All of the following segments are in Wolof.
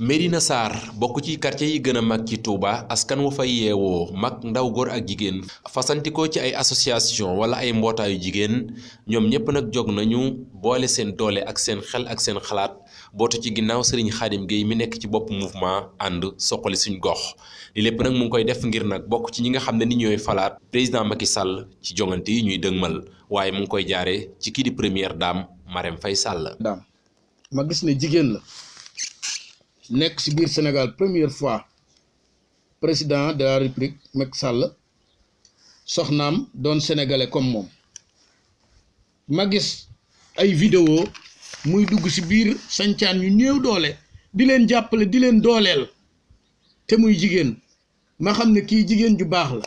Médina Sarr bokk ci quartier yi gën a mag ci Touba askan wa fay yeewoo mag ndaw góor ak jigéen fasantikoo ci ay association wala ay mbootaayu jigéen ñoom ñépp nag jóg nañu boole seen doole ak seen xel ak seen xalaat bootu ci ginnaaw Serigne Khadim Gueye mi nekk ci bopp mouvement ànd soqali suñ gox li lépp nag mu ngi koy def ngir nag bokk ci ñi nga xam ne ni ñooy falaat président Macky Sall ci jongante yi ñuy dëgmal waaye mu ngi koy jaare ci kii di première dame Marème Faye Sall. nekk ci biir Sénégal première fois président de la république Macky Sall soxnaam doon sénégalais comme moom ma gis ay vidéo muy dugg ci biir sancaan yu néew doole di leen jàppale di leen dooleel te muy jigéen ma xam ne kii jigéen ju baax la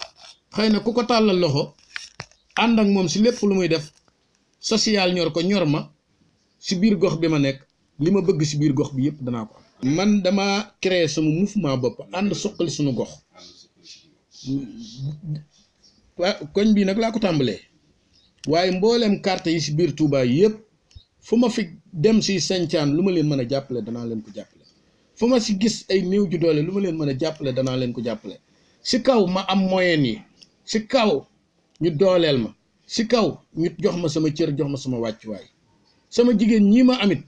xëy na ku ko tàllal loxo ànd ak moom ci lépp lu muy def social ñor ko ñor ma ci biir gox bi ma nekk li ma bëgg ci biir gox bi yépp danaa ko am man dama créer sama mouvement bopp ànd suqali suñu gox waa koñ bii nag laa ko tàmbalee waaye mbooleem carte yi si biir Touba yëpp fu ma fi dem si sancaan lu ma leen mën a jàppale danaa leen ko jàppale fu ma si gis ay néew ju doole lu ma leen mën a jàppale danaa leen ko jàppale si kaw ma am moyen yi si kaw ñu dooleel ma si kaw ñu jox ma sama cër jox ma sama wàccuwaay sama jigéen ñii ma amit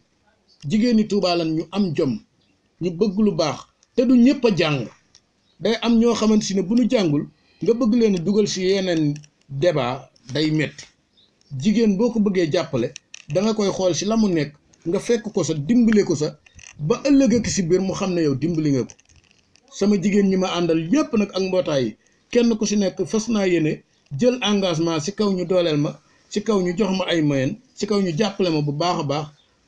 jigéeni Touba lan ñu am jom ñu bëgg lu baax te du ñëpp a jàng day am ñoo xamante si ne bu ñu jàngul nga bëgg leen dugal si yeneen débat day metti jigéen boo ko bëggee jàppale da koy xool si la mu nekk nga fekk ko sa dimbale ko sa ba ëllëg ak si biir mu xam ne yow dimbali nga ko sama jigéen ñi ma àndal yépp nag ak mbootaay yi kenn ku si nekk fas naa yéene jël engagement si kaw ñu dooleel ma si kaw ñu jox ma ay moyen si kaw ñu jàppale ma bu baax a baax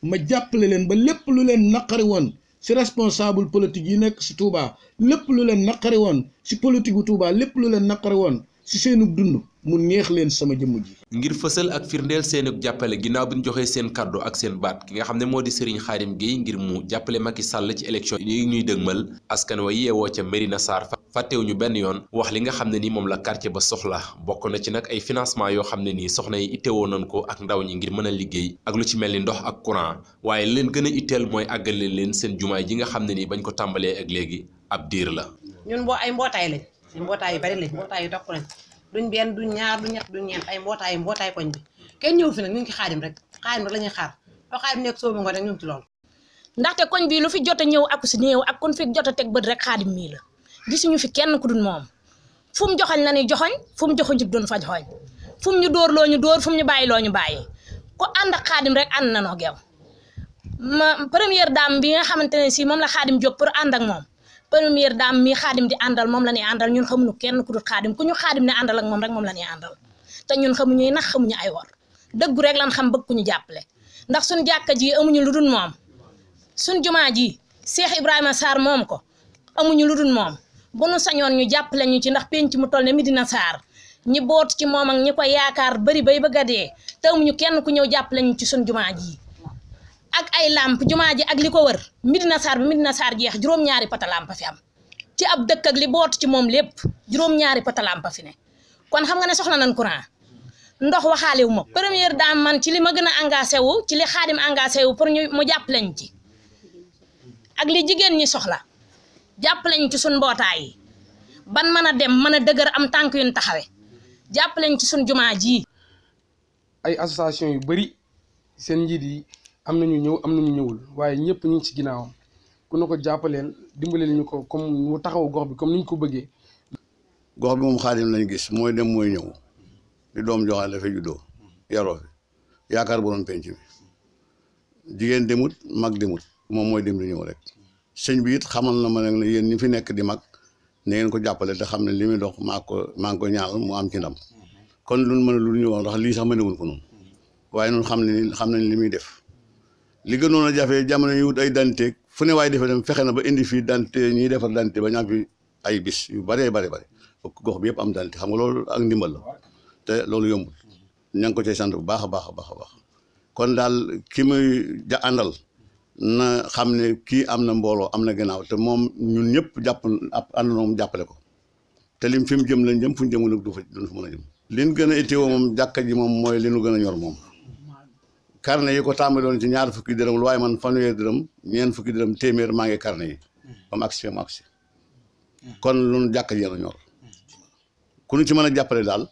ma jàppale leen ba lépp lu leen naqari woon si responsable politique yi nekk si Touba lépp lu leen naqari woon si politique gu Touba lépp lu leen naqari woon ci seenu dund mu neex leen sama jëmm ji. ngir fësal ak firndeel seen jàppale ginnaaw bi ñu joxee seen kàddu ak seen baat ki nga xam ne moo di Serigne Khadim Gueye ngir mu jàppale Macky Sall ci élection yi ñuy dëgmal askan wa yeewoo ca Mérina Sarr fàttewuñu benn yoon wax li nga ne ni moom la quartier ba soxla bokk na ci nag ay financement yoo xam ne nii soxna yi ittewoo nañ ko ak ndaw ñi ngir mën a liggéey ak lu ci mel ni ndox ak courant waaye leen gën a itteel mooy àggale leen seen jumaay ji nga xam ne nii bañ ko tàmbalee ak léegi ab diir la. suñ yu bari lañ mbootaay yu toq lañ duñ benn duñ ñaar duñ ñett duñ ñeent ay mbootaay mbootaay koñ bi kenn ñëw fi nag ñu ngi ci xaadim rek xaadim rek la ñuy xaar ba xaadim nekk soobu nga rek ñu ngi ci ndaxte koñ bi lu fi jot ñëw ak si néew ak kon fi jot teg bët rek xaadim mii gisuñu fi kenn ku dul moom fu mu joxoñ la ñuy joxoñ fu mu joxoñ ci doon fa joxoñ fu ñu dóor loo ñu dóor fu ñu bàyyi loo ñu bàyyi ku ànd ak xaadim rek ànd na noo geew ma première dame bi nga xamante ne si moom la xaadim jóg pour ànd ak moom première dame mi xaadim di àndal moom la ñuy àndal ñun xamuñu kenn ku dul xaadim ku ñu xaadim ne àndal moom rek moom la ñuy àndal te ñun xamuñuy nax xamuñu ay war dëggu rek lan xam bëgg ku ñu jàppale ndax suñ jàkka ji amuñu lu dul moom suñ jumaa ji Cheikh Ibrahima Sarr moom ko amuñu lu dul moom bu nu sañoon ñu jàppale ñu ci ndax penc mu toll ne na saar ñi boot ci moom ak ñi ko yaakaar bari bay ba a dee te amuñu kenn ku ñëw jàppale ñu ci suñ jumaa ji ak ay làmp jumaa ji ak li ko wër Medina Sarr bi Medina Sarr jeex juróom-ñaari pata làmp fi am ci ab dëkk ak li boot ci moom lépp juróom-ñaari pata làmp fi ne kon xam nga ne soxla nañ courant ndox waxaale wu ma première dame man ci li ma gën a engagé wu ci li xaadim engagé wu pour ñu mu jàpp lañ ci ak li jigéen ñi soxla jàpp lañ ci suñ mbootaay yi ban mën a dem mën a dëgër am tànk yuñ taxawe jàpp lañ ci suñ jumaa ji ay association yu bari seen njiit yi am na ñu ñëw am na ñu ñëwul waaye ñëpp ñu ngi ci ginnaawam ku ne ko jàppaleel dimbaleel ñu ko comme mu taxaw gox bi comme ni ko bëggee. gox bi moom xaadim lañ gis mooy dem mooy ñëw di doom joxaan dafa juddoo yaroo fi yaakaar borom penc bi jigéen demut mag demut moom mooy dem di ñëw rek sëñ bi na ma nag ne yéen ñi fi nekk di mag na ko jàppale te xam ne li muy dox maa ko maa ngi ko ñaanal mu am ci ndam kon lu mën a lu ñu ndax lii sax mënewuñ ko noonu waaye ñun xam ne xam li muy def. li gënoon a jafe jamono yi wut ay danteeg fu ne waaye defee dem fexe na ba indi fii dante ñuy defar dante ba ñaam fi ay bis yu bëree bëri bëri gox yëpp am dante xam nga loolu ak ndimbal la te loolu yombul ña ngi ko cay sant bu baax a baax a baax a baax kon daal kii muy ja àndal na xam ne kii am na mbooloo am na gannaaw te moom ñun ñëpp jàpp ànd na moom jàppale ko te lim fi mu jëm lañ jëm fu ñu jëm nag du fa du fa mën a jëm. li gën a ittoo moom jàkka ji moom mooy li ñu gën a ñor moom. carnet yi ko tàmbaloon ci ñaar fukki dërëm lu waaye man fanweeri dërëm ñeen fukki dërëm téeméer maa ngi carnet yi ba mu agsi mu agsi kon lu nu jàkk ji ñor ku ñu mën a jàppale daal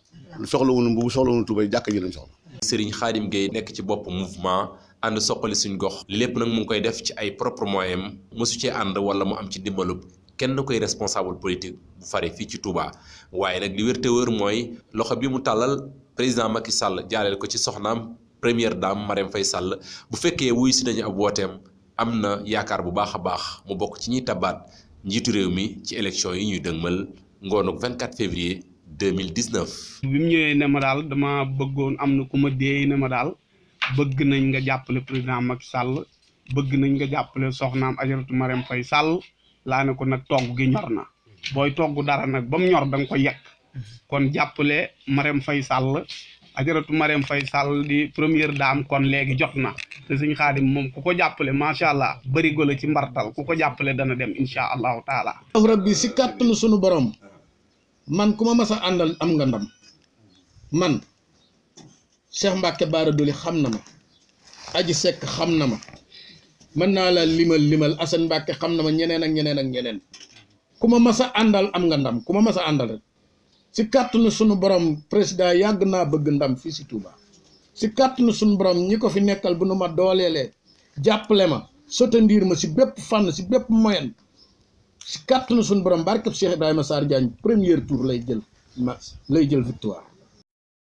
soxla wu nu mbubu soxla wu nu tubay jàkk ji lañ soxla Serigne nekk ci bopp mouvement ànd soqali suñ gox lépp nag mu ngi koy def ci ay propre moyen mosu cee ànd wala mu am ci dimbalub kenn koy responsable politique bu fare fii ci Touba waaye nag li wér wër mooy loxo bi mu tàllal président Macky Sall jaareel ko ci soxnaam première dame Marème Faye Sall bu fekkee wuy si nañu ab wooteem am na yaakaar bu baax a baax mu bokk ci ñiy tabaat njiitu réew mi ci élection yi ñuy dëgmal ngoonuk 24 février 2019. bi mu ñëwee ne ma daal dama bëggoon am na ku ma dee ne ma daal bëgg nañ nga jàppale président Macky Sall bëgg nañ nga jàppale soxnaam Ajaratu Marème fay Sall laa ne ko nag togg gi ñor na booy togg dara nag ba mu ñor da nga ko yekk mm-hmm. kon jàppale Marème Faye Sall ajaratu Marème fay sal di première daam kon léegi jot na te suñ xaadim moom ku ko jàppale macha allah bërigo la ci mbartal ku ko jàppale dana dem incha allahu taala. rabbi si kàttanu sunu borom man ku ma mas a àndal am nga ndam man Cheikh Mbacke Baara xam na ma Aji xam na ma mën naa la limal limal Assane Mbacke xam na ma ñeneen ñeneen ak ñeneen ku ma mas a àndal am nga ndam ku ma mas a àndal rek. si na sunu borom président yàgg naa bëgg ndam fii si Touba si kàttanu sunu borom ñi ko fi nekkal bu nu ma dooleelee jàppale ma soutenir ma si bépp fànn si bépp moyen si kàttanu sunu borom barkeb Cheikh Ibrahima Sarr Diagne premier tour lay jël ma lay jël victoire.